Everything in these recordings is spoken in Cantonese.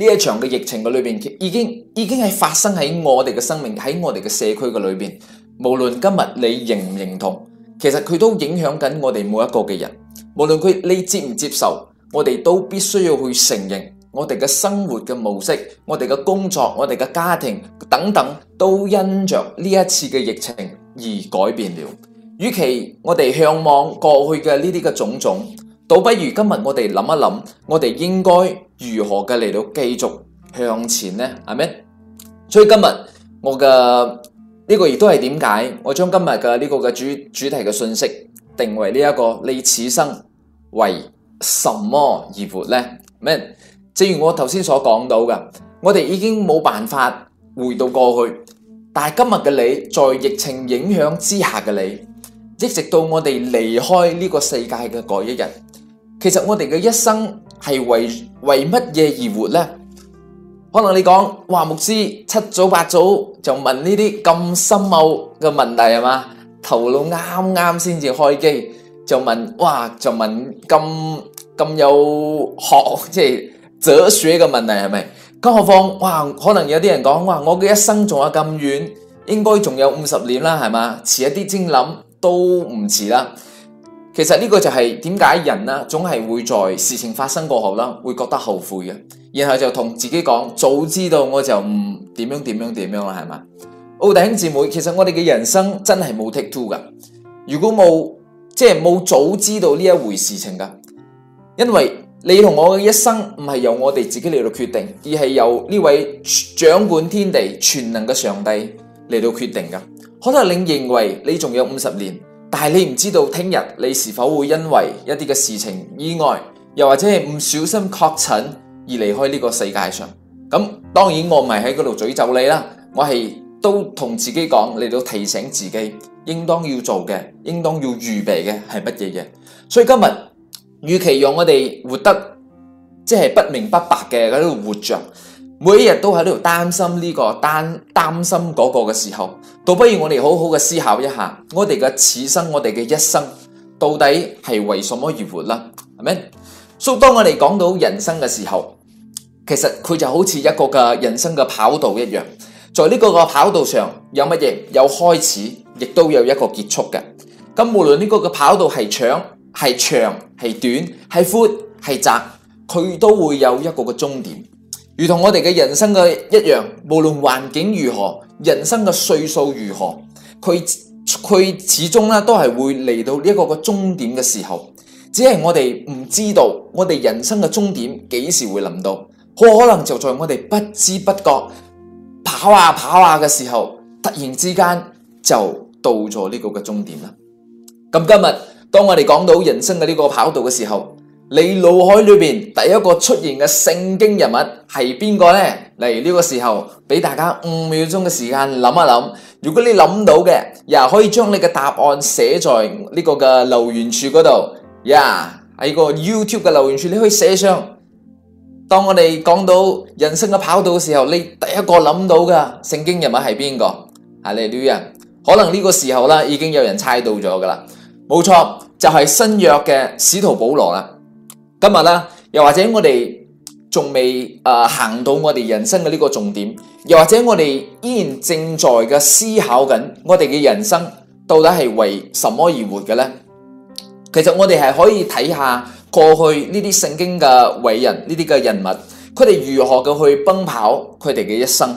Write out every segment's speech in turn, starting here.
呢一場嘅疫情嘅裏邊，已經已經係發生喺我哋嘅生命，喺我哋嘅社區嘅裏邊。無論今日你認唔認同，其實佢都影響緊我哋每一個嘅人。無論佢你接唔接受，我哋都必須要去承認，我哋嘅生活嘅模式、我哋嘅工作、我哋嘅家庭等等，都因着呢一次嘅疫情而改變了。與其我哋向往過去嘅呢啲嘅種種，倒不如今日我哋諗一諗，我哋應該如何嘅嚟到繼續向前呢？係咪？所以今日我嘅呢個亦都係點解我將今日嘅呢個嘅主主題嘅信息定為呢一個你此生為什麼而活呢？咩？正如我頭先所講到嘅，我哋已經冇辦法回到過去，但係今日嘅你，在疫情影響之下嘅你，一直到我哋離開呢個世界嘅嗰一日，其實我哋嘅一生係為為乜嘢而活咧？可能你講哇，牧師七早八早就問呢啲咁深奧嘅問題係嘛？頭腦啱啱先至開機就問，哇就問咁咁有學即係哲學嘅問題係咪？更何況哇，可能有啲人講哇，我嘅一生仲有咁遠，應該仲有五十年啦，係嘛？遲一啲先諗都唔遲啦。其實呢個就係點解人啦，總係會在事情發生過後啦，會覺得後悔嘅，然後就同自己講，早知道我就唔點樣點樣點樣啦，係嘛？奧弟兄姊妹，其實我哋嘅人生真係冇 take two 噶，如果冇即係冇早知道呢一回事情噶，因為你同我嘅一生唔係由我哋自己嚟到決定，而係由呢位掌管天地全能嘅上帝嚟到決定噶。可能你認為你仲有五十年。但係你唔知道，聽日你是否會因為一啲嘅事情意外，又或者係唔小心確診而離開呢個世界上？咁當然我唔係喺嗰度咀咒你啦，我係都同自己講，你都提醒自己，應當要做嘅，應當要預備嘅係乜嘢嘢？所以今日，與其讓我哋活得即係、就是、不明不白嘅喺度活着，每一日都喺度擔心呢、這個擔擔心嗰個嘅時候。倒不如我哋好好嘅思考一下，我哋嘅此生，我哋嘅一生，到底係為什麼而活啦？係咪？所以當我哋講到人生嘅時候，其實佢就好似一個嘅人生嘅跑道一樣，在呢個跑道上有乜嘢有開始，亦都有一個結束嘅。咁無論呢個嘅跑道係長、係長、係短、係寬、係窄，佢都會有一個嘅終點。如同我哋嘅人生嘅一樣，無論環境如何，人生嘅歲數如何，佢佢始終咧都係會嚟到呢一個嘅終點嘅時候，只係我哋唔知道，我哋人生嘅終點幾時會臨到，可能就在我哋不知不覺跑啊跑啊嘅時候，突然之間就到咗呢個嘅終點啦。咁今日當我哋講到人生嘅呢個跑道嘅時候，你腦海裏邊第一個出現嘅聖經人物係邊個呢？嚟，呢個時候俾大家五秒鐘嘅時間諗一諗。如果你諗到嘅，又可以將你嘅答案寫在呢個嘅留言處嗰度。呀，喺個 YouTube 嘅留言處，你可以寫上。當我哋講到人生嘅跑道嘅時候，你第一個諗到嘅聖經人物係邊個？啊，嚟呢人可能呢個時候啦，已經有人猜到咗噶啦。冇錯，就係新約嘅使徒保羅啦。今日啦，又或者我哋仲未啊行到我哋人生嘅呢個重點，又或者我哋依然正在嘅思考緊，我哋嘅人生到底係為什麼而活嘅咧？其實我哋係可以睇下過去呢啲聖經嘅偉人，呢啲嘅人物，佢哋如何嘅去奔跑佢哋嘅一生，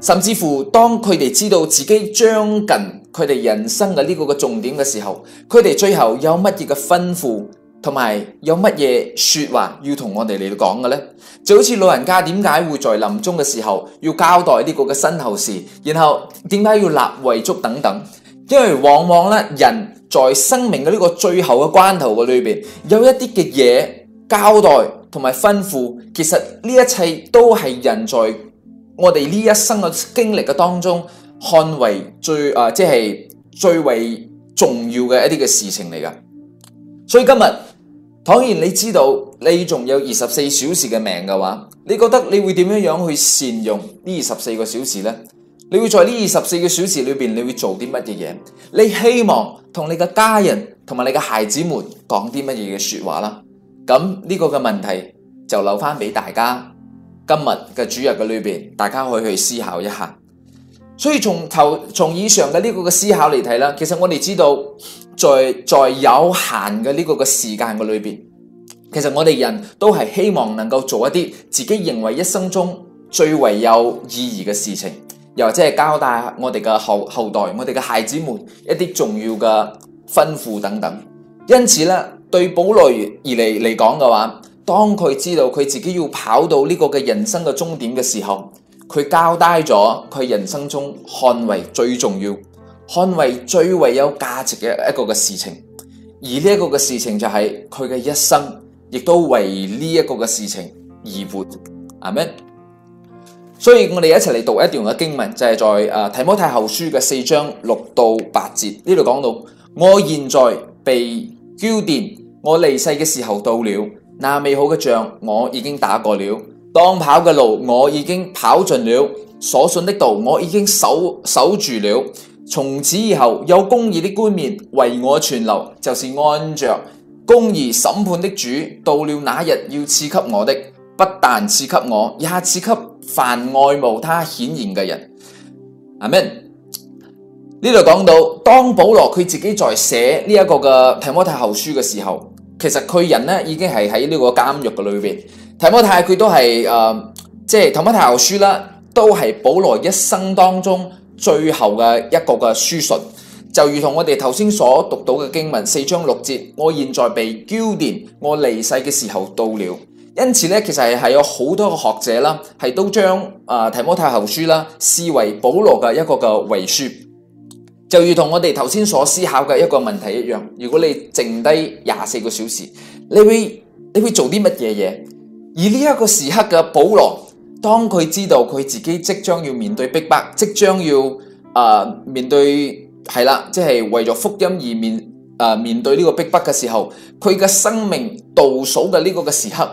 甚至乎當佢哋知道自己將近佢哋人生嘅呢個嘅重點嘅時候，佢哋最後有乜嘢嘅吩咐？同埋有乜嘢說話要同我哋嚟講嘅呢？就好似老人家點解會在臨終嘅時候要交代呢個嘅身後事，然後點解要立遺囑等等？因為往往咧，人在生命嘅呢個最後嘅關頭嘅裏邊，有一啲嘅嘢交代同埋吩咐，其實呢一切都係人在我哋呢一生嘅經歷嘅當中，看為最啊，即係最為重要嘅一啲嘅事情嚟噶。所以今日。倘然，你知道你仲有二十四小時嘅命嘅話，你覺得你會點樣樣去善用呢二十四個小時呢？你會在呢二十四個小時裏邊，你會做啲乜嘢嘢？你希望同你嘅家人同埋你嘅孩子們講啲乜嘢嘅說話啦？咁呢個嘅問題就留翻俾大家今日嘅主日嘅裏邊，大家可以去思考一下。所以從頭從以上嘅呢個嘅思考嚟睇啦，其實我哋知道，在在有限嘅呢個嘅時間嘅裏邊，其實我哋人都係希望能夠做一啲自己認為一生中最為有意義嘅事情，又或者係交代我哋嘅後，後代、我哋嘅孩子們一啲重要嘅吩咐等等。因此咧，對保羅而嚟嚟講嘅話，當佢知道佢自己要跑到呢個嘅人生嘅終點嘅時候，佢交代咗佢人生中看為最重要、看為最為有價值嘅一個嘅事情，而呢一個嘅事情就係佢嘅一生，亦都為呢一個嘅事情而活，係咪？所以我哋一齊嚟讀一段嘅經文，就係、是、在誒提摩太後書嘅四章六到八節呢度講到，我現在被澆奠，我離世嘅時候到了，那美好嘅仗我已經打過了。當跑嘅路我已經跑盡了，所信的道我已經守守住了。從此以後，有公義的冠冕為我存留，就是按着公義審判的主，到了那日要賜給我的，不但賜給我，也賜給凡愛慕他顯現嘅人。阿門。呢度講到，當保羅佢自己在寫呢一個嘅提摩太後書嘅時候，其實佢人呢已經係喺呢個監獄嘅裏邊。提摩太佢都係誒、呃，即係提摩太後書啦，都係保羅一生當中最後嘅一個嘅書信，就如同我哋頭先所讀到嘅經文四章六節。我現在被澆奠，我離世嘅時候到了。因此咧，其實係有好多嘅學者啦，係都將誒、呃、提摩太後書啦視為保羅嘅一個嘅遺書，就如同我哋頭先所思考嘅一個問題一樣。如果你剩低廿四個小時，你會你會做啲乜嘢嘢？而呢一個時刻嘅保羅，當佢知道佢自己即將要面對逼迫，即將要，呃、面對係啦，即係、就是、為咗福音而面誒、呃、面對呢個逼迫嘅時候，佢嘅生命倒數嘅呢個嘅時刻，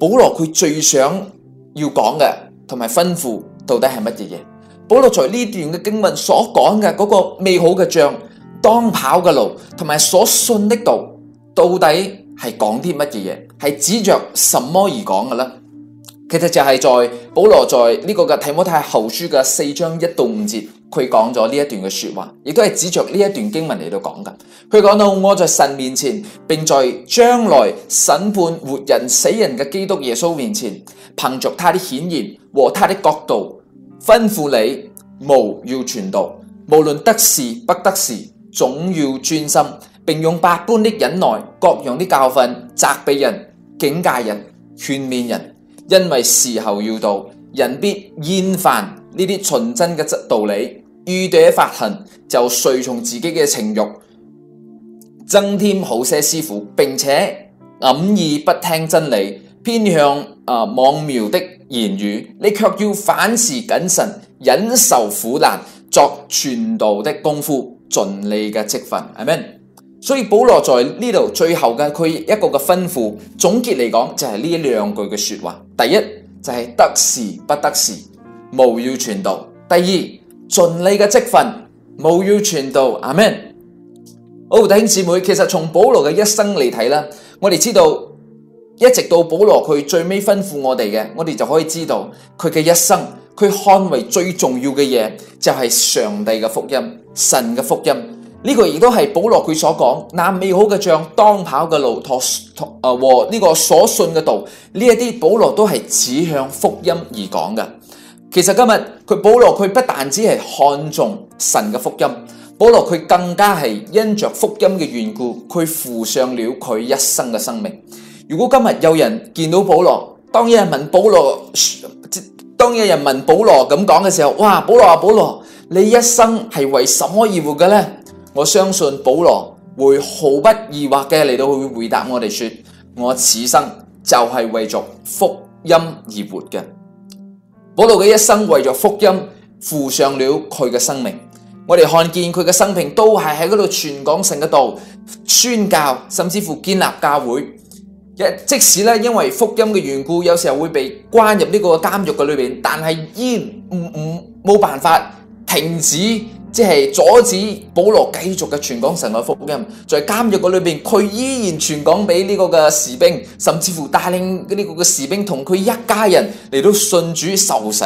保羅佢最想要講嘅同埋吩咐到底係乜嘢嘢？保羅在呢段嘅經文所講嘅嗰個美好嘅仗，當跑嘅路同埋所信的道，到底？係講啲乜嘢嘢？係指着什麼而講嘅呢？其實就係在保羅在呢個嘅提摩太後書嘅四章一到五節，佢講咗呢一段嘅說話，亦都係指着呢一段經文嚟到講㗎。佢講到，我在神面前，並在將來審判活人死人嘅基督耶穌面前，憑着他的顯現和他的國度，吩咐你務要傳道，無論得時不得時，總要專心。並用百般的忍耐，各樣的教訓責備人、警戒人、勸勉人，因為時候要到，人必厭煩呢啲純真嘅道理。遇到發行就隨從自己嘅情欲，增添好些師傅，並且暗意不聽真理，偏向啊、呃、妄妙的言語。你卻要凡事謹慎，忍受苦難，作全道的功夫，盡你嘅積分。阿門。所以保羅在呢度最後嘅佢一個嘅吩咐總結嚟講就係呢兩句嘅說話，第一就係得時不得時，務要傳道；第二盡你嘅職分，務要傳道。阿們，好、哦，弟兄姊妹，其實從保羅嘅一生嚟睇啦，我哋知道一直到保羅佢最尾吩咐我哋嘅，我哋就可以知道佢嘅一生，佢看為最重要嘅嘢就係上帝嘅福音，神嘅福音。這個亦都係保羅佢所講，那美好嘅仗、當跑嘅路、托啊和呢個所信嘅道，呢一啲保羅都係指向福音而講嘅。其實今日佢保羅佢不但只係看重神嘅福音，保羅佢更加係因着福音嘅緣故，佢付上了佢一生嘅生命。如果今日有人見到保羅，當有人問保羅，當有人問保羅咁講嘅時候，哇！保羅啊，保羅，你一生係為什麼而活嘅呢？我相信保羅會毫不疑惑嘅嚟到，佢會回答我哋，說我此生就係為咗福音而活嘅。保羅嘅一生為咗福音付上了佢嘅生命，我哋看見佢嘅生命都係喺嗰度傳講城嘅道、宣教，甚至乎建立教會。即使因為福音嘅緣故，有時候會被關入呢個監獄嘅裏邊，但係因唔唔冇辦法停止。即係阻止保羅繼續嘅傳講神嘅福音，在、就是、監獄個裏邊，佢依然傳講俾呢個嘅士兵，甚至乎帶領呢個嘅士兵同佢一家人嚟到信主受死。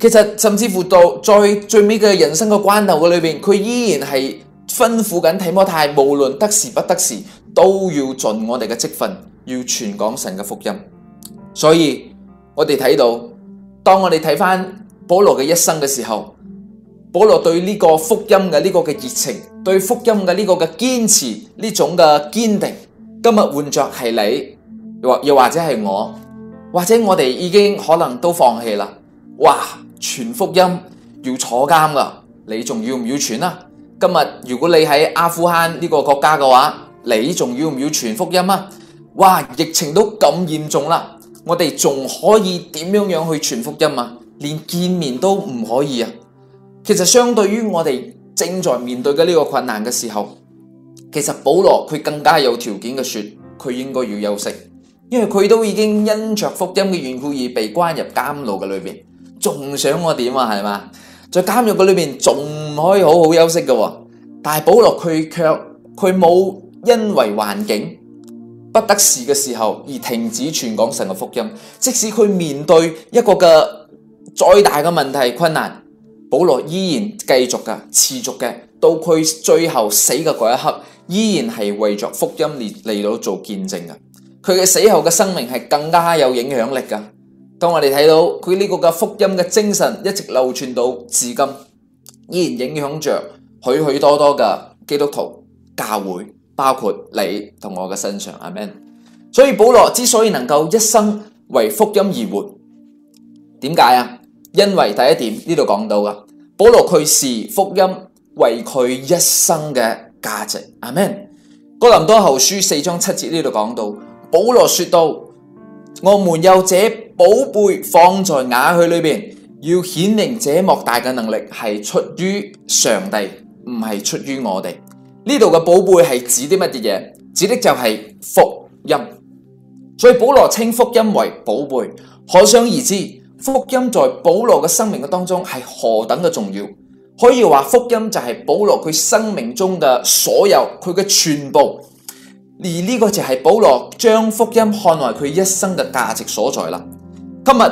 其實甚至乎到最最尾嘅人生嘅關頭嘅裏邊，佢依然係吩咐緊提摩太，無論得時不得時，都要盡我哋嘅職分，要傳講神嘅福音。所以，我哋睇到，當我哋睇返保羅嘅一生嘅時候。保羅對呢個福音嘅呢個嘅熱情，對福音嘅呢個嘅堅持，呢種嘅堅定，今日換着係你，或又或者係我，或者我哋已經可能都放棄啦。哇！傳福音要坐監啦，你仲要唔要傳啊？今日如果你喺阿富汗呢個國家嘅話，你仲要唔要傳福音啊？哇！疫情都咁嚴重啦，我哋仲可以點樣樣去傳福音啊？連見面都唔可以啊！其實相對於我哋正在面對嘅呢個困難嘅時候，其實保羅佢更加有條件嘅說，佢應該要休息，因為佢都已經因着福音嘅緣故而被關入監牢嘅裏面。仲想我點啊？係嘛，在監獄嘅裏面仲唔可以好好休息嘅？但係保羅佢卻佢冇因為環境不得時嘅時候而停止傳講神嘅福音，即使佢面對一個嘅再大嘅問題困難。保羅依然繼續嘅，持續嘅，到佢最後死嘅嗰一刻，依然係為着福音嚟，嚟到做見證嘅。佢嘅死後嘅生命係更加有影響力嘅。當我哋睇到佢呢個嘅福音嘅精神一直流傳到至今，依然影響着許許多多嘅基督徒教會，包括你同我嘅身上。阿門。所以保羅之所以能夠一生為福音而活，點解啊？因為第一點呢度講到噶保羅佢視福音為佢一生嘅價值。阿門，哥林多後書四章七節呢度講到，保羅說到：我們有這寶貝放在瓦器裏邊，要顯明這莫大嘅能力係出於上帝，唔係出於我哋。呢度嘅寶貝係指啲乜嘢？指的就係福音。所以保羅稱福音為寶貝。可想而知。福音在保羅嘅生命嘅當中係何等嘅重要，可以話福音就係保羅佢生命中嘅所有佢嘅全部，而呢個就係保羅將福音看為佢一生嘅價值所在啦。今日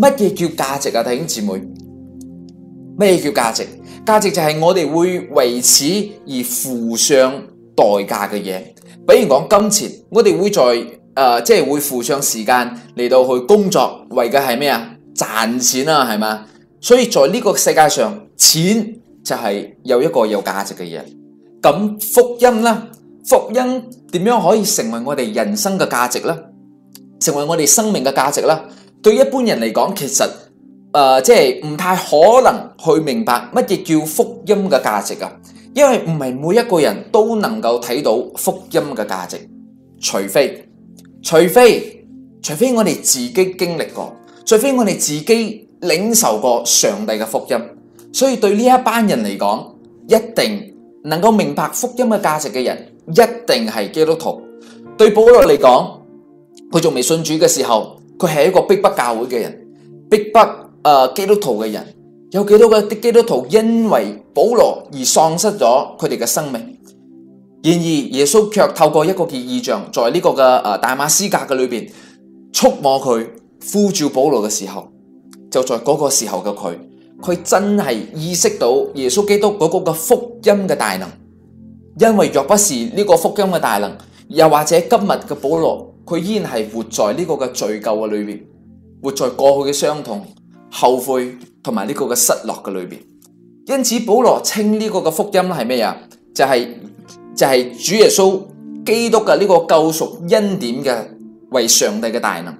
乜嘢叫價值啊？弟兄姊妹，咩叫價值？價值就係我哋會為此而付上代價嘅嘢，比如講金錢，我哋會在誒即係會付上時間嚟到去工作，為嘅係咩啊？賺錢啦，啊，係嘛？所以在呢個世界上，錢就係有一個有價值嘅嘢。咁福音呢？福音點樣可以成為我哋人生嘅價值呢？成為我哋生命嘅價值呢？對一般人嚟講，其實誒，即係唔太可能去明白乜嘢叫福音嘅價值啊！因為唔係每一個人都能夠睇到福音嘅價值，除非除非除非我哋自己經歷過。除非我哋自己領受過上帝嘅福音，所以，對呢一班人來講，一定能夠明白福音的價值的人，一定是基督徒。對保羅來講，他仲未信主的時候，他是一個逼迫教會的人，逼迫呃，基督徒的人，有幾多個基督徒因為保羅而喪失了他們的生命。然而，耶穌卻透過一個異象，在這個大馬士革裏面，觸摸他，呼召保羅嘅時候，就在嗰個時候嘅佢，佢真係意識到耶穌基督嗰個嘅福音嘅大能。因為若不是呢個福音嘅大能，又或者今日嘅保羅，佢依然係活在呢個嘅罪疚嘅裏面，活在過去嘅傷痛、後悔同埋呢個嘅失落嘅裏面。因此，保羅稱呢個嘅福音啦係咩啊？就係就係主耶穌基督嘅呢個救贖恩典嘅為上帝嘅大能。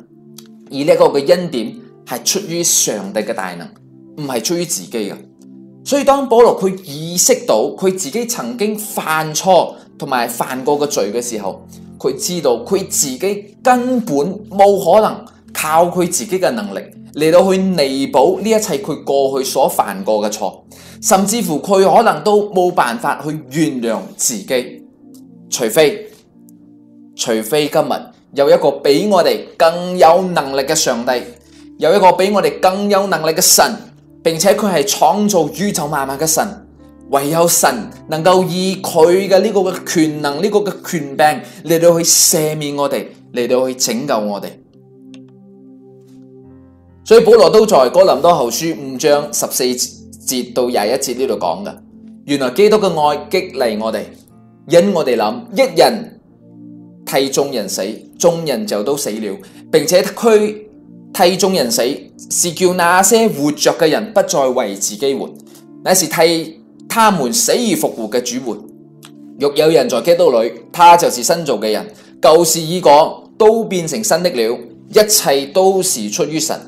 而呢個嘅恩典係出於上帝嘅大能，唔係出於自己嘅。所以當保羅佢意識到佢自己曾經犯錯同埋犯過嘅罪嘅時候，佢知道佢自己根本冇可能靠佢自己嘅能力嚟到去彌補呢一切佢過去所犯過嘅錯，甚至乎佢可能都冇辦法去原諒自己，除非，除非今日。有一個比我哋更有能力嘅上帝，有一個比我哋更有能力嘅神，並且佢係創造宇宙萬物嘅神，唯有神能夠以佢嘅呢個嘅權能，呢、這個嘅權柄嚟到去赦免我哋，嚟到去拯救我哋。所以保羅都在哥、那個、林多後書五章十四節到廿一節呢度講嘅，原來基督嘅愛激勵我哋，因我哋想一人。替眾人死，眾人就都死了，並且佢替眾人死，是叫那些活着嘅人不再為自己活，乃是替他們死而復活嘅主活。若有人在基督裏，他就是新造嘅人。舊事已過，都變成新的了。一切都是出於神。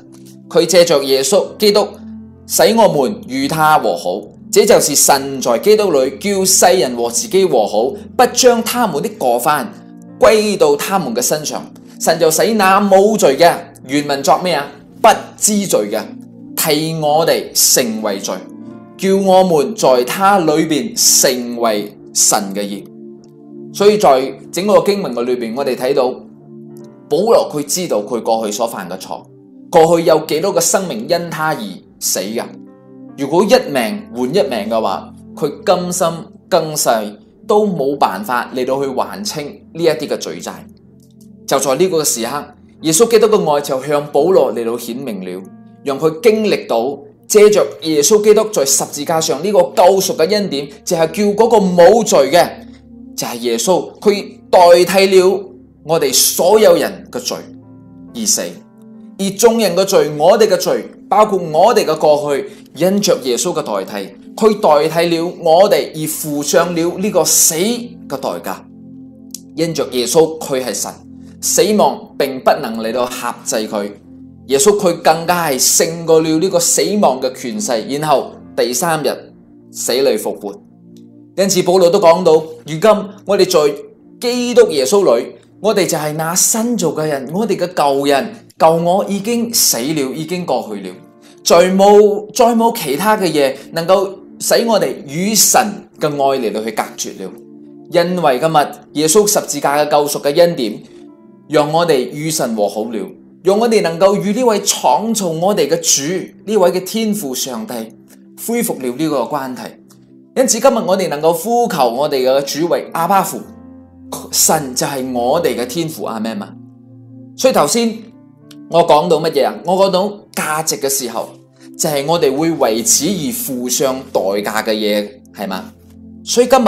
佢借着耶穌基督使我們與他和好，這就是神在基督裏叫世人和自己和好，不將他們的過犯。歸到他們嘅身上，神就使那無罪嘅原文作咩啊？不知罪嘅替我哋成為罪，叫我們在他裏邊成為神嘅義。所以在整個經文嘅裏邊，我哋睇到保羅佢知道佢過去所犯嘅錯，過去有幾多個生命因他而死嘅。如果一命換一命嘅話，佢甘心更世。都冇辦法嚟到去還清呢一啲嘅罪債，就在呢個時刻，耶穌基督嘅愛就向保羅嚟到顯明了，讓佢經歷到借着耶穌基督在十字架上呢個救贖嘅恩典，就係、是、叫嗰個冇罪嘅，就係、是、耶穌，佢代替了我哋所有人嘅罪而死，而眾人嘅罪，我哋嘅罪，包括我哋嘅過去，因着耶穌嘅代替。佢代替了我哋而付上了呢個死嘅代價。因着耶穌佢係神，死亡並不能嚟到轄制佢。耶穌佢更加係勝過了呢個死亡嘅權勢。然後第三日死裏復活。因此保羅都講到，如今我哋在基督耶穌裏，我哋就係那新造嘅人。我哋嘅舊人舊我已經死了，已經過去了，再冇再冇其他嘅嘢能夠。使我哋與神嘅愛嚟到去隔絕了，因為今日耶穌十字架嘅救贖嘅恩典，讓我哋與神和好了，讓我哋能夠與呢位創造我哋嘅主，呢位嘅天父上帝恢復了呢個關係。因此今日我哋能夠呼求我哋嘅主為阿爸父。神就係我哋嘅天父。阿們嘛？所以頭先我講到乜嘢啊？我講到價值嘅時候。就係、是、我哋會為此而付上代價嘅嘢，係嘛？所以今日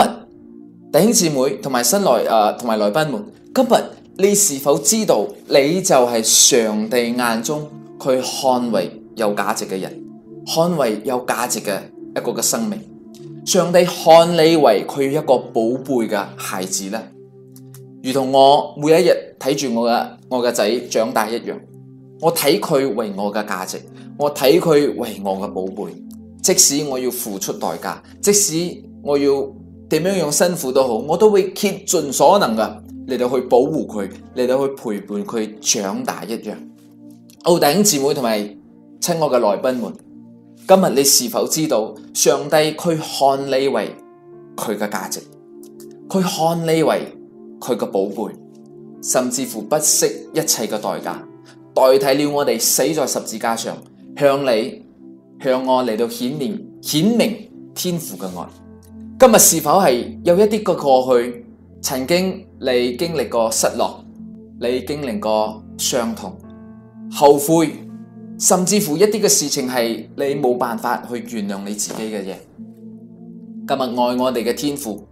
弟兄姊妹同埋新來誒，同、呃、埋來賓們，今日你是否知道，你就係上帝眼中佢看為有價值嘅人，看為有價值嘅一個嘅生命，上帝看你為佢一個寶貝嘅孩子呢，如同我每一日睇住我嘅我嘅仔長大一樣。我睇佢為我嘅價值，我睇佢為我嘅寶貝，即使我要付出代價，即使我要點樣樣辛苦都好，我都會竭盡所能嘅嚟到去保護佢，嚟到去陪伴佢長大一樣。澳頂姊妹同埋親愛嘅來賓們，今日你是否知道上帝佢看你為佢嘅價值，佢看你為佢嘅寶貝，甚至乎不惜一切嘅代價。代替了我哋死在十字架上，向你向我嚟到顯明顯明天父嘅愛。今日是否係有一啲嘅過去，曾經你經歷過失落，你經歷過傷痛、後悔，甚至乎一啲嘅事情係你冇辦法去原諒你自己嘅嘢？今日愛我哋嘅天父，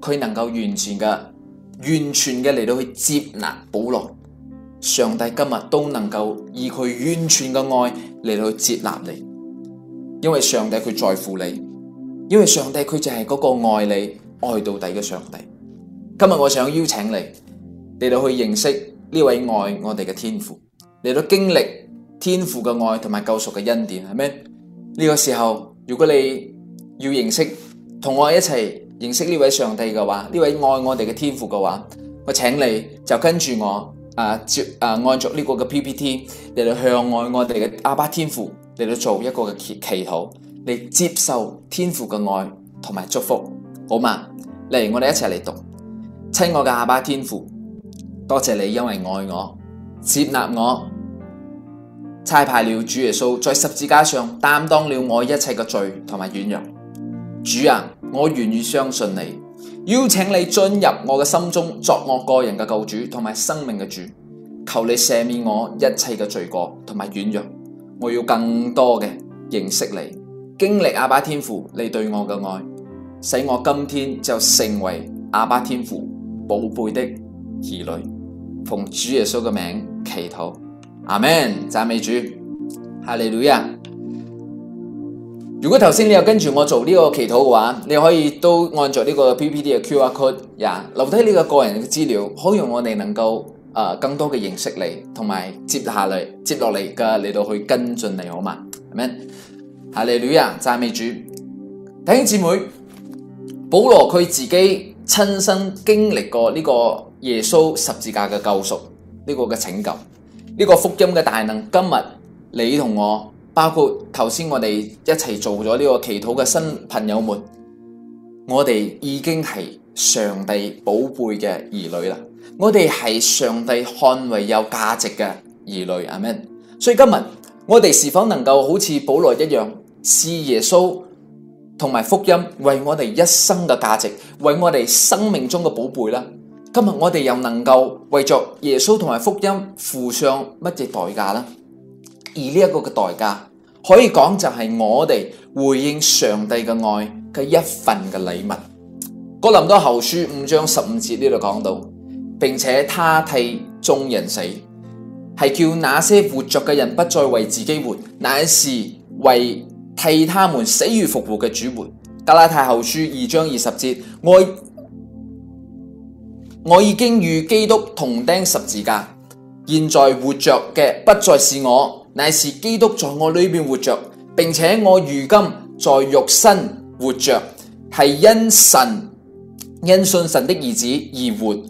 佢能夠完全嘅、完全嘅嚟到去接納保羅。上帝今日都能夠以佢完全嘅愛嚟到接納你，因為上帝佢在乎你，因為上帝佢就係嗰個愛你愛到底嘅上帝。今日我想邀請你嚟到去認識呢位愛我哋嘅天父，嚟到經歷天父嘅愛同埋救贖嘅恩典，係咩？呢個時候，如果你要認識同我一齊認識呢位上帝嘅話，呢位愛我哋嘅天父嘅話，我請你就跟住我。啊接啊，按着呢個嘅 PPT 嚟到向愛我哋嘅阿巴天父嚟到做一個嘅祈禱，嚟接受天父嘅愛同埋祝福，好嘛？嚟，我哋一齊嚟讀，親愛我嘅阿巴天父，多謝你因為愛我接納我，差派了主耶穌在十字架上擔當了我一切嘅罪同埋軟弱，主人，我願意相信你。邀請你進入我嘅心中，作我個人嘅救主同埋生命嘅主。求你赦免我一切嘅罪過同埋軟弱。我要更多嘅認識你，經歷阿爸天父你對我嘅愛，使我今天就成為阿爸天父寶貝的兒女。奉主耶穌嘅名祈禱，阿門！讚美主，哈利路亞。如果頭先你有跟住我做呢個祈禱嘅話，你可以都按照呢個 PPT 嘅 QR code 呀、yeah，留低呢個個人嘅資料，好讓我哋能夠誒、呃、更多嘅認識你，同埋接下來接落嚟嘅嚟到去跟進你，好嘛？係咪？哈利路亞，讚美主！弟兄姊妹，保羅佢自己親身經歷過呢個耶穌十字架嘅救贖，呢、呢個嘅拯救，呢、呢個福音嘅大能。今日你同我，包括頭先我哋一齊做咗呢個祈禱嘅新朋友們，我哋已經係上帝寶貝嘅兒女啦。我哋係上帝看為有價值嘅兒女，阿門。所以今日我哋是否能夠好似保羅一樣，視耶穌同埋福音為我哋一生嘅價值，為我哋生命中嘅寶貝啦？今日我哋又能夠為著耶穌同埋福音付上乜嘢代價呢？而呢一個嘅代價，可以講就係我哋回應上帝嘅愛嘅一份嘅禮物。哥林多後書五章十五節呢度講到，並且他替眾人死，係叫那些活着嘅人不再為自己活，乃是為替他們死而復活嘅主活。加拉太後書二章二十節，我我已經與基督同釘十字架，現在活着嘅不再是我。乃是基督，在我裏面活着，並且我如今，在肉身活着，是因神，因信神的兒子，而活。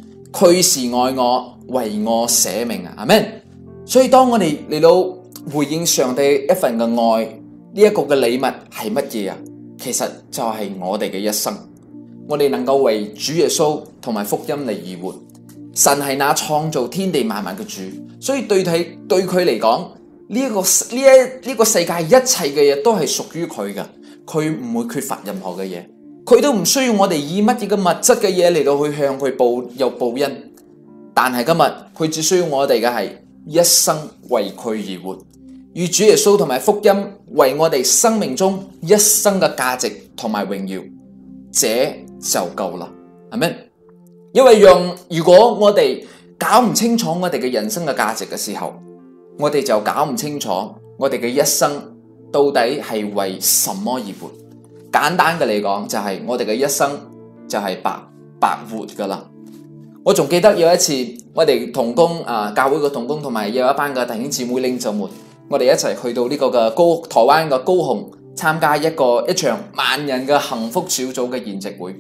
呢、這個呢一呢個世界一切嘅嘢都係屬於佢噶，佢唔會缺乏任何嘅嘢，佢都唔需要我哋以乜嘢嘅物質嘅嘢嚟，到去向佢報又報恩。但係今日佢只需要我哋嘅係一生為佢而活，與主耶穌同埋福音為我哋生命中一生嘅價值同埋榮耀，這就夠啦。係咪？因為用如果我哋搞唔清楚我哋嘅人生嘅價值嘅時候。我哋就搞唔清楚，我哋嘅一生到底係為什麼而活？簡單嘅嚟講，就係、是、我哋嘅一生就係白白活噶啦。我仲記得有一次，我哋同工啊，教會嘅同工同埋有一班嘅弟兄姊妹拎走門，我哋一齊去到呢個嘅高台灣嘅高雄參加一個一場萬人嘅幸福小組嘅宴席會。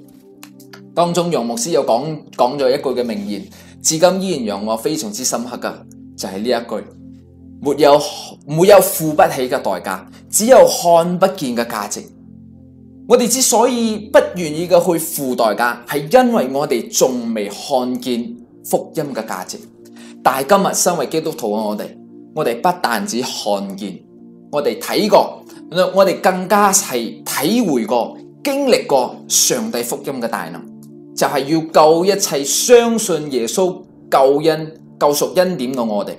當中楊牧師又講講咗一句嘅名言，至今依然讓我非常之深刻噶，就係、是、呢一句。沒有沒有付不起嘅代價，只有看不見嘅價值。我哋之所以不願意去付代價，是因為我哋仲未看見福音嘅價值。但是今日身為基督徒嘅我哋，我哋不但只看見，我哋睇過，我哋更加是體會過、經歷過上帝福音嘅大能，就是要救一切相信耶穌救恩、救贖恩典嘅我哋。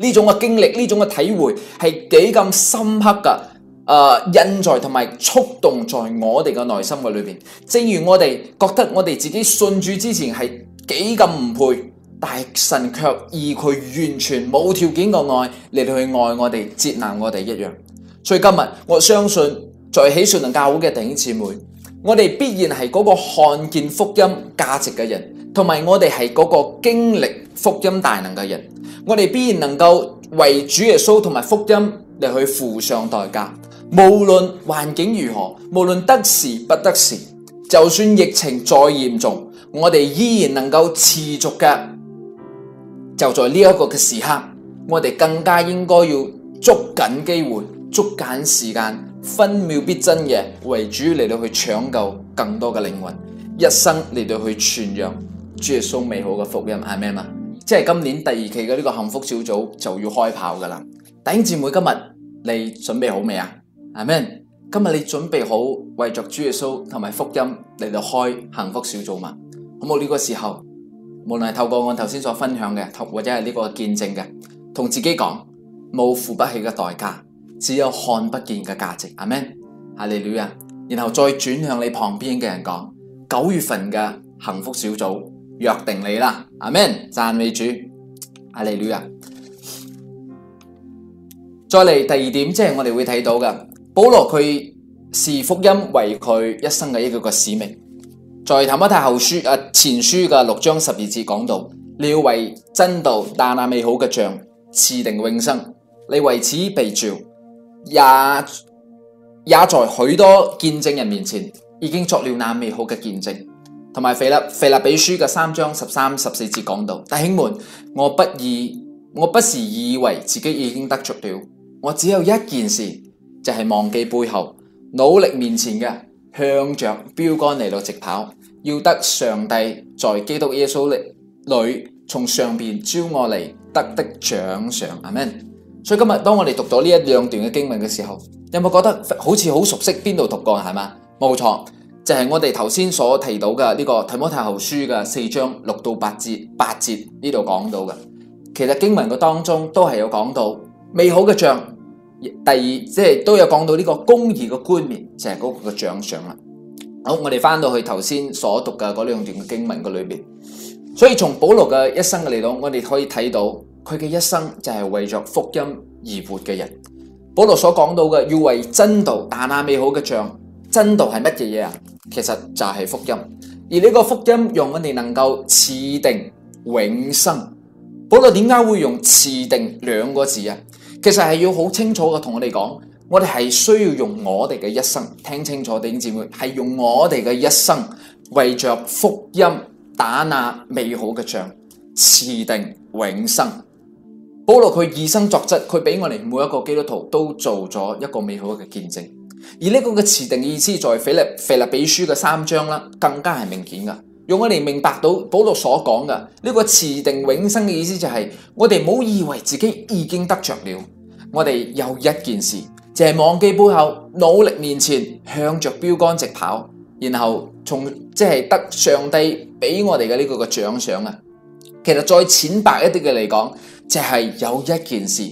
呢種嘅經歷，呢種嘅體會係幾咁深刻嘅誒、呃、印在同埋觸動在我哋嘅內心嘅裏邊。正如我哋覺得我哋自己信主之前係幾咁唔配，但係神卻以佢完全冇條件嘅愛嚟去愛我哋、接納我哋一樣。所以今日我相信，在喜信能教會嘅弟兄姊妹。我哋必然係嗰個看見福音價值嘅人，同埋我哋係嗰個經歷福音大能嘅人。我哋必然能夠為主耶穌同埋福音嚟去付上代價，無論環境如何，無論得時不得時，就算疫情再嚴重，我哋依然能夠持續嘅。就在呢一個嘅時刻，我哋更加應該要捉緊機會，捉緊時間。分秒必爭嘅為主嚟到去搶救更多嘅靈魂，一生嚟到去傳揚主耶穌美好嘅福音係咩嘛？即係今年第二期嘅呢個幸福小組就要開跑噶啦！弟兄姊妹，今日你準備好未啊？係咩？今日你準備好為着主耶穌同埋福音嚟到開幸福小組嘛？好冇？呢個時候，無論係透過我頭先所分享嘅，或者係呢個見證嘅，同自己講冇付不起嘅代價。只有看不見嘅價值，阿門，哈利路亞，然後再轉向你旁邊嘅人講九月份嘅幸福小組約定你啦，阿門，讚美主，哈利路亞。再嚟第二點，即係我哋會睇到嘅，保羅佢視福音為佢一生嘅一個使命。再睇一睇後書啊、呃，前書嘅六章十二節講到你要為真道打那美好嘅仗，持定永生，你為此被召。也也在許多見證人面前已經作了那美好嘅見證，同埋腓立腓立比書嘅三章十三十四節講到：弟兄們，我不以我不是以為自己已經得着了，我只有一件事，就係忘記背後，努力面前嘅，向着標杆嚟到直跑，要得上帝在基督耶穌裏女從上邊招我嚟得的獎賞。阿門。所以今日當我哋讀咗呢一兩段嘅經文嘅時候，有冇覺得好似好熟悉邊度讀過係嘛？冇錯，就係我哋頭先所提到嘅呢個提摩太後書嘅四章六到八節八節呢度講到嘅。其實經文嘅當中都係有講到美好嘅像，第二即係都有講到呢個公義嘅冠冕，就係嗰個獎賞啦。好，我哋翻到去頭先所讀嘅嗰兩段嘅經文嘅裏邊，所以從保羅嘅一生嘅嚟講，我哋可以睇到。佢嘅一生就係為着福音而活嘅人。保羅所講到嘅，要為真道打那美好嘅仗。真道係乜嘢嘢啊？其實就係福音。而呢個福音讓我哋能夠持定永生。保羅點解會用持定兩個字啊？其實係要好清楚嘅同我哋講，我哋係需要用我哋嘅一生聽清楚姐。弟兄姊妹係用我哋嘅一生為着福音打那美好嘅仗，持定永生。保羅佢以身作則，佢俾我哋每一個基督徒都做咗一個美好嘅見證。而呢個嘅持定意思，在腓立腓立比書嘅三章啦，更加係明顯噶，用我哋明白到保羅所講嘅呢個持定永生嘅意思、就是，就係我哋唔好以為自己已經得着了，我哋有一件事就係、是、忘記背後，努力面前，向着標杆直跑，然後從即係、就是、得上帝俾我哋嘅呢個嘅獎賞啊。其實再淺白一啲嘅嚟講。就係有一件事，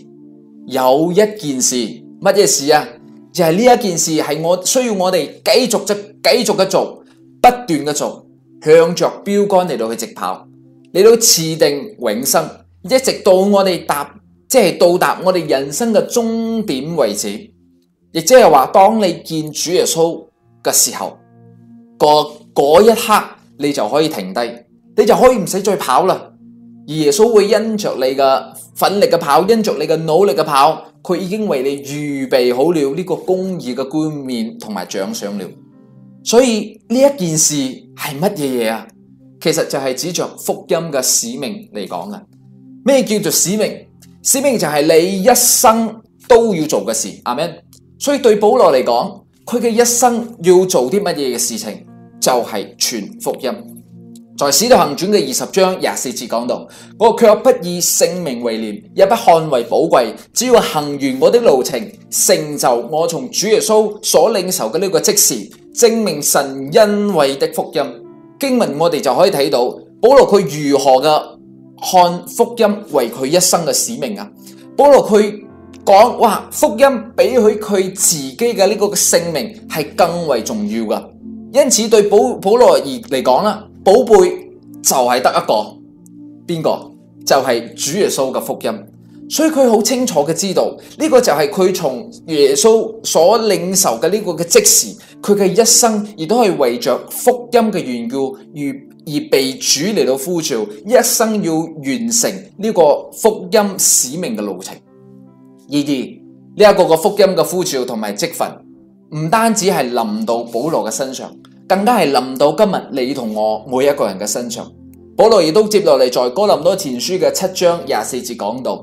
有一件事，乜嘢事啊？就係呢一件事係我需要我哋繼續就繼續嘅做，不斷嘅做，向着標杆嚟到去直跑，你都持定永生，一直到我哋達，即係到達我哋人生嘅終點為止，亦即係話當你見主耶穌嘅時候，那嗰一刻你就可以停低，你就可以唔使再跑啦。而耶穌會因着你嘅奮力嘅跑，因着你嘅努力嘅跑，佢已經為你預備好了呢個公義嘅冠冕同埋獎賞了。所以呢一件事係乜嘢嘢啊？其實就係指着福音嘅使命嚟講嘅。咩叫做使命？使命就係你一生都要做嘅事，啱唔啱？所以對保羅嚟講，佢嘅一生要做啲乜嘢嘅事情，就係、是、傳福音。在史道行傳嘅二十章廿四節講到，我卻不以性命為念，也不看為寶貴，只要行完我的路程，成就我從主耶穌所領受嘅呢個即時證明神恩惠的福音經文，我哋就可以睇到保羅佢如何嘅看福音為佢一生嘅使命啊！保羅佢講，哇，福音比佢佢自己嘅呢個性命係更為重要噶，因此對保保羅而嚟講啦。寶貝就係得一個，邊個就係、是、主耶穌嘅福音，所以佢好清楚嘅知道呢、這個就係佢從耶穌所領受嘅呢個嘅即時，佢嘅一生亦都係為着福音嘅緣故而而被主嚟到呼召，一生要完成呢個福音使命嘅路程。然而，呢一個個福音嘅呼召同埋職分，唔單止係臨到保羅嘅身上。更加係臨到今日，你同我每一個人嘅身上，保羅亦都接落嚟在哥林多前書嘅七章廿四節講到，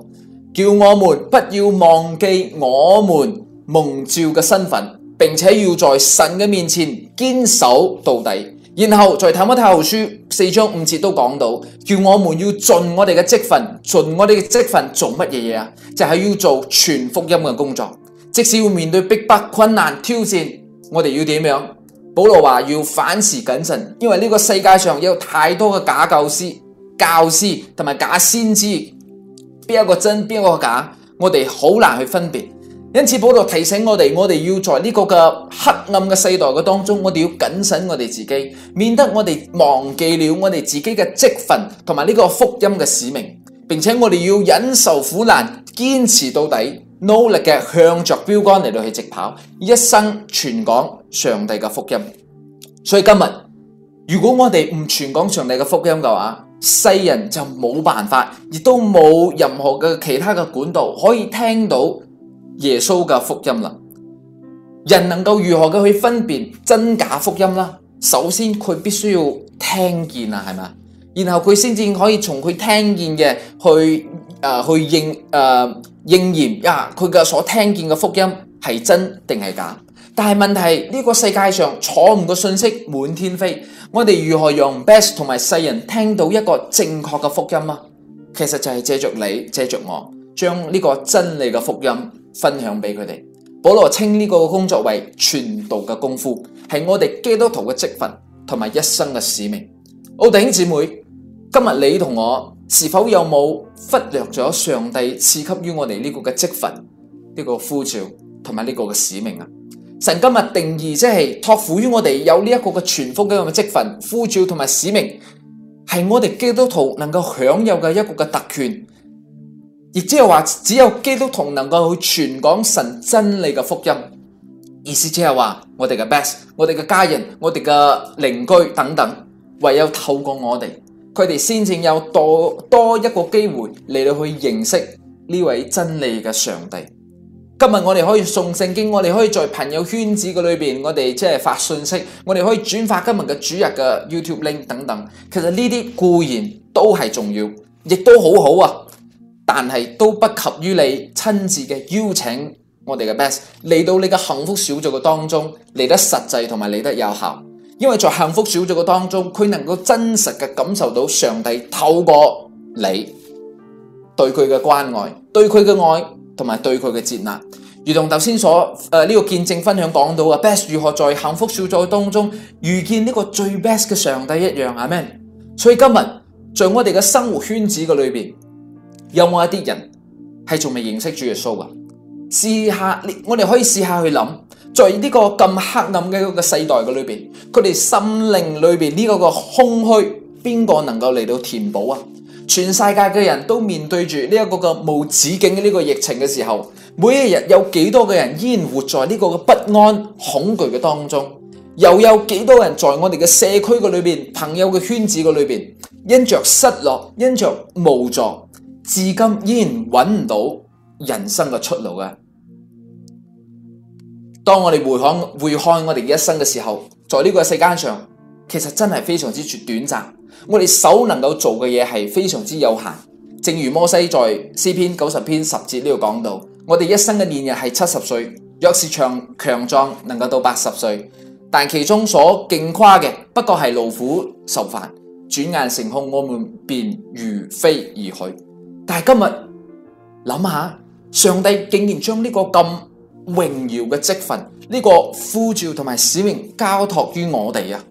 叫我們不要忘記我們蒙召嘅身份，並且要在神嘅面前堅守到底。然後提摩太後書四章五節都講到，叫我們要盡我哋嘅職份，盡我哋嘅職份做乜嘢？就是要做全福音嘅工作，即使要面對逼迫、困難、挑戰，我哋要點樣？保羅話要反思謹慎，因為呢個世界上有太多的假教師、教師同埋假先知，邊一個真邊一個假，我哋好難去分別。因此保羅提醒我哋，我哋要在呢個黑暗嘅世代嘅當中，我哋要謹慎我哋自己，免得我哋忘記了我哋自己嘅職份同埋呢個福音嘅使命，並且我哋要忍受苦難，堅持到底，努力嘅向着標杆嚟到去直跑，一生全講。上帝嘅福音，所以今日如果我哋唔全講上帝嘅福音嘅話，世人就冇辦法，亦都冇任何嘅其他嘅管道可以聽到耶穌嘅福音啦。人能夠如何嘅去分辨真假福音啦？首先佢必須要聽見啊，係咪啊？然後佢先至可以從佢聽見嘅去誒、呃、去應誒應驗呀，佢、呃、嘅、啊、所聽見嘅福音係真定係假？但係問題，呢個世界上錯誤嘅信息滿天飛，我哋如何讓 best 同埋世人聽到一個正確嘅福音啊？其實就係借着你，借着我，將呢個真理嘅福音分享俾佢哋。保羅稱呢個工作為傳道嘅功夫，係我哋基督徒嘅積分同埋一生嘅使命。弟兄姊妹，今日你同我是否有冇忽略咗上帝賜給於我哋呢個嘅積分、呢個呼召同埋呢個嘅使命啊？神今日定義即、係託付於我哋有呢一個嘅傳福音嘅職份、呼召同埋使命，係我哋基督徒能夠享有嘅一個嘅特權，亦即係話只有基督徒能夠去傳講神真理嘅福音。意思即係話我哋嘅 best、我哋嘅家人、我哋嘅鄰居等等，唯有透過我哋，佢哋先至有多多一個機會嚟到去認識呢位真理嘅上帝。今日我哋可以送聖經，我哋可以在朋友圈子嘅裏邊，我哋即係發信息，我哋可以轉發今日嘅主日嘅 YouTube link 等等。其實呢啲固然都係重要，亦都好好啊，但係都不及於你親自嘅邀請，我哋嘅 best 嚟到你嘅幸福小組嘅當中，嚟得實際同埋嚟得有效。因為在幸福小組嘅當中，佢能夠真實嘅感受到上帝透過你對佢嘅關愛，對佢嘅愛。同埋對佢嘅接納，如同頭先所誒呢、呃這個見證分享講到啊，best 如何在幸福小組當中遇見呢個最 best 嘅上帝一樣，阿門。所以今日在我哋嘅生活圈子嘅裏邊，有冇一啲人係仲未認識主耶穌噶？試下，我哋可以試下去諗，在呢個咁黑暗嘅一個世代嘅裏邊，佢哋心靈裏邊呢個個空虛，邊個能夠嚟到填補啊？全世界嘅人都面對住呢一個無止境嘅呢個疫情嘅時候，每一日有幾多嘅人依然活在呢個嘅不安恐懼嘅當中，又有幾多人在我哋嘅社區嘅裏邊，朋友嘅圈子嘅裏邊，因着失落、因着無助，至今依然揾唔到人生嘅出路嘅。當我哋回看回看我哋嘅一生嘅時候，在呢個世界上，其實真係非常之絕短暫。我哋手能夠做嘅嘢，係非常之有限。正如摩西在詩篇九十篇十節呢度講到，我哋一生嘅年日係七十歲，若是強強壯能夠到八十歲，但其中所矜誇嘅不過係勞苦受煩，轉眼成空，我們便如飛而去。但係今日諗下，上帝竟然將呢個咁榮耀嘅職分，呢、呢個呼召同埋使命交託於我哋啊？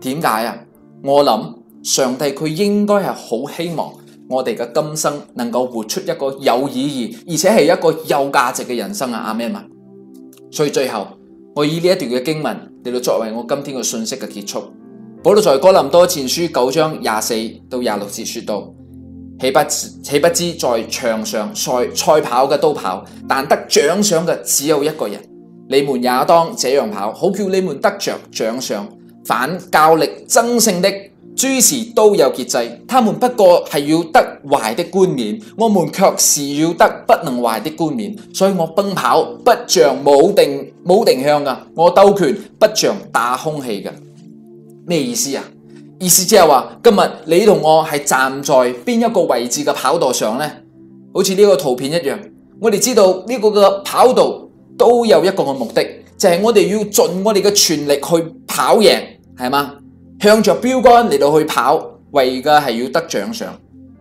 點解啊？我諗。上帝佢應該係好希望我哋嘅今生能夠活出一個有意義，而且係一個有價值嘅人生啊！阿們嘛，所以最後我以呢一段嘅經文嚟到作為我今天嘅信息嘅結束。保羅在哥林多前書九章廿四到廿六節説到：豈不豈不知在場上賽賽跑嘅都跑，但得獎賞嘅只有一個人。你們也當這樣跑，好叫你們得着獎賞，反教力爭勝的。諸事都有節制，他們不過係要得壞的冠冕，我們卻是要得不能壞的冠冕。所以我奔跑不像冇定冇定向噶，我鬥拳不像打空氣噶。咩意思啊？意思即係話，今日你同我係站在邊一個位置嘅跑道上呢？好似呢個圖片一樣，我哋知道呢個嘅跑道都有一個嘅目的，就係、是、我哋要盡我哋嘅全力去跑贏，係嗎？向着標杆嚟到去跑，為嘅係要得獎賞。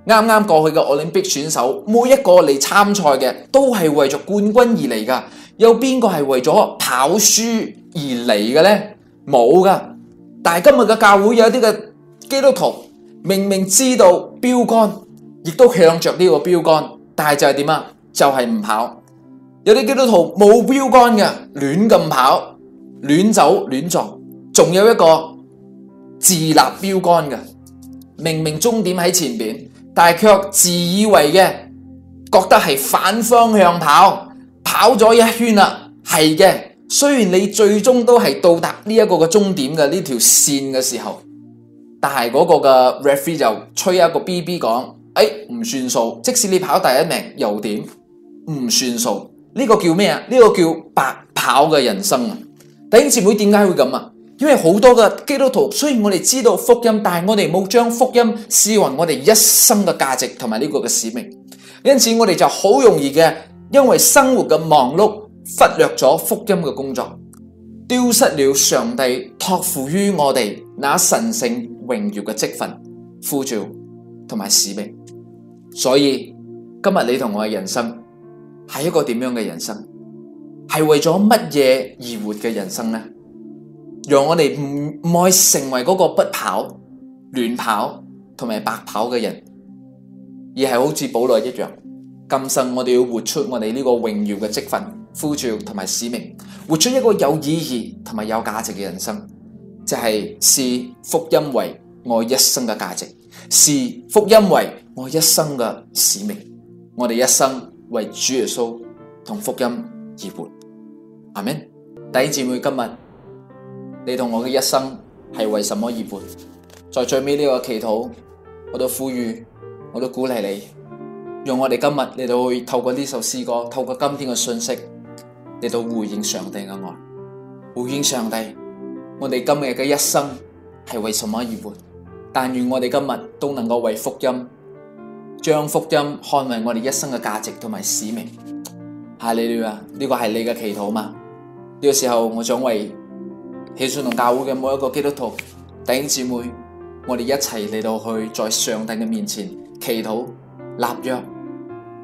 啱啱過去嘅奧林匹克選手，每一個嚟參賽嘅都係為咗冠軍而嚟㗎。有邊個係為咗跑輸而嚟嘅呢？冇㗎。但係今日嘅教會有啲嘅基督徒，明明知道標杆，亦都向着呢個標杆，但係就係點呀？就係、是、唔跑。有啲基督徒冇標杆㗎，亂咁跑，亂走，亂撞，仲有一個。自立標杆的明明終點在前面，但係卻自以為的覺得是反方向跑，跑了一圈了是的，雖然你最終都是到達這一個終點的這條綫的時候，但是那個 referee 就吹一個 bb 講，誒、哎，不算數，即使你跑第一名又點？不算數。這個叫咩啊？這個叫白跑的人生啊！弟兄姐妹，點解會咁啊？因為好多嘅基督徒，雖然我哋知道福音，但係我哋冇將福音視為我哋一生嘅價值同埋呢個嘅使命，因此我哋就好容易嘅，因為生活嘅忙碌忽略咗福音嘅工作，丟失了上帝託付於我哋那神聖榮耀嘅職份呼召同埋使命。所以今日你同我嘅人生係一個點樣嘅人生？係為咗乜嘢而活嘅人生呢？讓我哋唔唔成為嗰個不跑、亂跑同埋白跑嘅人，而係好似保羅一樣，今生我哋要活出我哋呢個榮耀嘅職分、呼召同埋使命，活出一個有意義同埋有價值嘅人生，就係、是、視福音為我一生嘅價值，視福音為我一生嘅使命。我哋一生為主耶穌同福音而活。阿門。弟兄姊妹，今日。你同我嘅一生係為什麼而活？在最尾呢個祈禱，我都呼籲，我都鼓勵你，用我哋今日，你哋會透過呢首詩歌，透過今天嘅信息，你都回應上帝嘅愛，回應上帝。我哋今日嘅一生係為什麼而活？但願我哋今日都能夠為福音，將福音看為我哋一生嘅價值同埋使命。阿李了，呢個係你嘅祈禱嘛？呢個時候，我想為。祈信同教會嘅每一個基督徒弟兄姊妹，我哋一齊嚟到去在上帝嘅面前祈禱立約，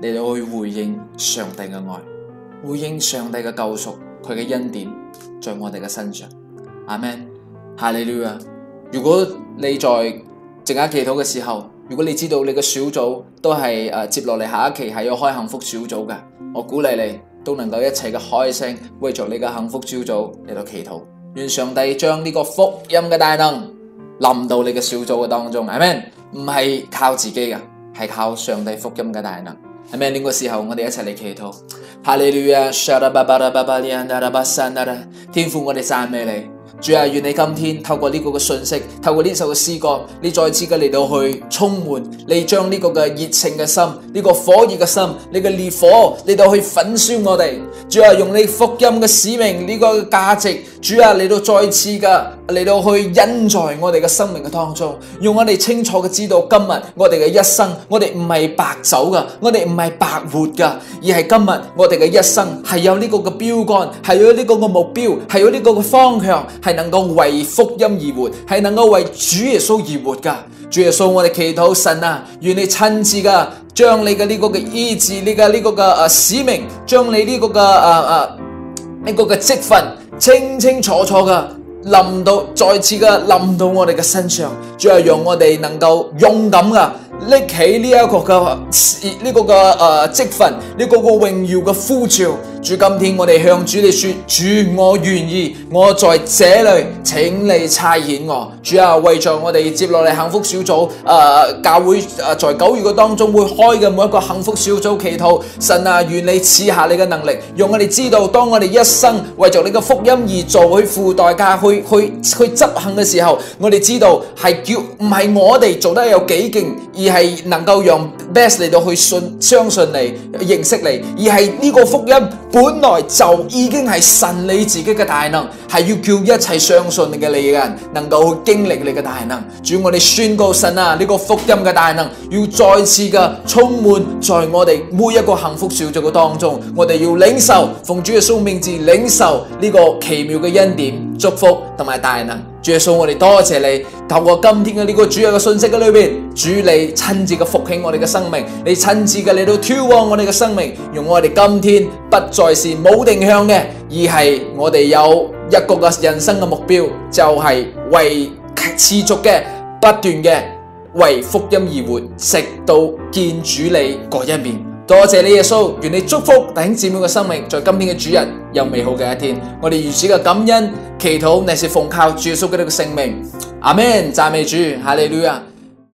嚟到去回應上帝嘅愛，回應上帝嘅救贖，佢嘅恩典在我哋嘅身上。阿門，下你了啊！如果你在靜下祈禱嘅時候，如果你知道你嘅小組都係誒、啊、接落嚟下一期係要開幸福小組嘅，我鼓勵你都能夠一齊嘅開聲，為着你嘅幸福小組嚟到祈禱。願上帝將呢個福音嘅大能臨到你嘅小組嘅當中，係咪？唔係靠自己嘅，係靠上帝福音嘅大能，係咪？呢個時候我哋一齊嚟祈禱。哈利路亞，沙拉巴巴拉巴巴利亞納拉巴山納拉，天父，我哋讚美你。主啊，願你今天透過呢個嘅信息，透過呢首嘅詩歌，你再次嘅嚟到去充滿，你將呢個嘅熱情嘅心，呢個火熱嘅心，你嘅烈火嚟到去焚燒我哋。主啊，用你福音嘅使命呢個嘅價值，主啊嚟到再次嘅嚟到去印在我哋嘅生命嘅當中，用我哋清楚嘅知道今日我哋嘅一生，我哋唔係白走噶，我哋唔係白活噶，而係今日我哋嘅一生係有呢個嘅標杆，係有呢個嘅目標，係有呢個嘅方向，係能夠為福音而活，係能夠為主耶穌而活噶。主耶穌，我哋祈禱神啊，願你親自噶將你嘅呢個嘅醫治，呢、這個呢個嘅啊使命，將你呢個嘅啊啊呢、這個嘅積分，清清楚楚噶淋到再次嘅淋到我哋嘅身上，最後讓我哋能夠勇敢噶。拎起呢一個嘅呢個嘅誒職分，呢個個榮耀嘅呼召。主今天我哋向主祢說，主我願意，我在這裏，請你差遣我。主啊，為着我哋接落嚟幸福小組，誒教會誒，在九月嘅當中會開嘅每一個幸福小組，祈禱神啊，願你賜下你嘅能力，讓我哋知道，當我哋一生為着你嘅福音而做，去付代價，去去去執行嘅時候，我哋知道係叫唔係我哋做得有幾勁而係能夠讓 best 嚟到去信相信你認識你，而係呢個福音。本來就已經係神你自己嘅大能，係要叫一切相信你嘅你嘅人，能夠去經歷你嘅大能。主，我哋宣告神啊，呢個福音嘅大能要再次嘅充滿在我哋每一個幸福小組嘅當中。我哋要領受，奉主耶穌名字領受呢個奇妙嘅恩典、祝福同埋大能。主耶穌，我哋多謝，謝你透過今天嘅呢個主要嘅信息嘅裏邊，主你親自嘅復興我哋嘅生命，你親自嘅嚟到挑旺我哋嘅生命，用我哋今天不。在是冇定向嘅，而係我哋有一個嘅人生嘅目標，就係為持續嘅、不斷嘅為福音而活，直到見主你嗰一面。多謝你耶穌，願你祝福弟兄姊妹嘅生命，在今天嘅主人有美好嘅一天。我哋如此嘅感恩祈禱，乃是奉靠主耶穌呢個嘅聖名。阿門！讚美主，哈利路亞。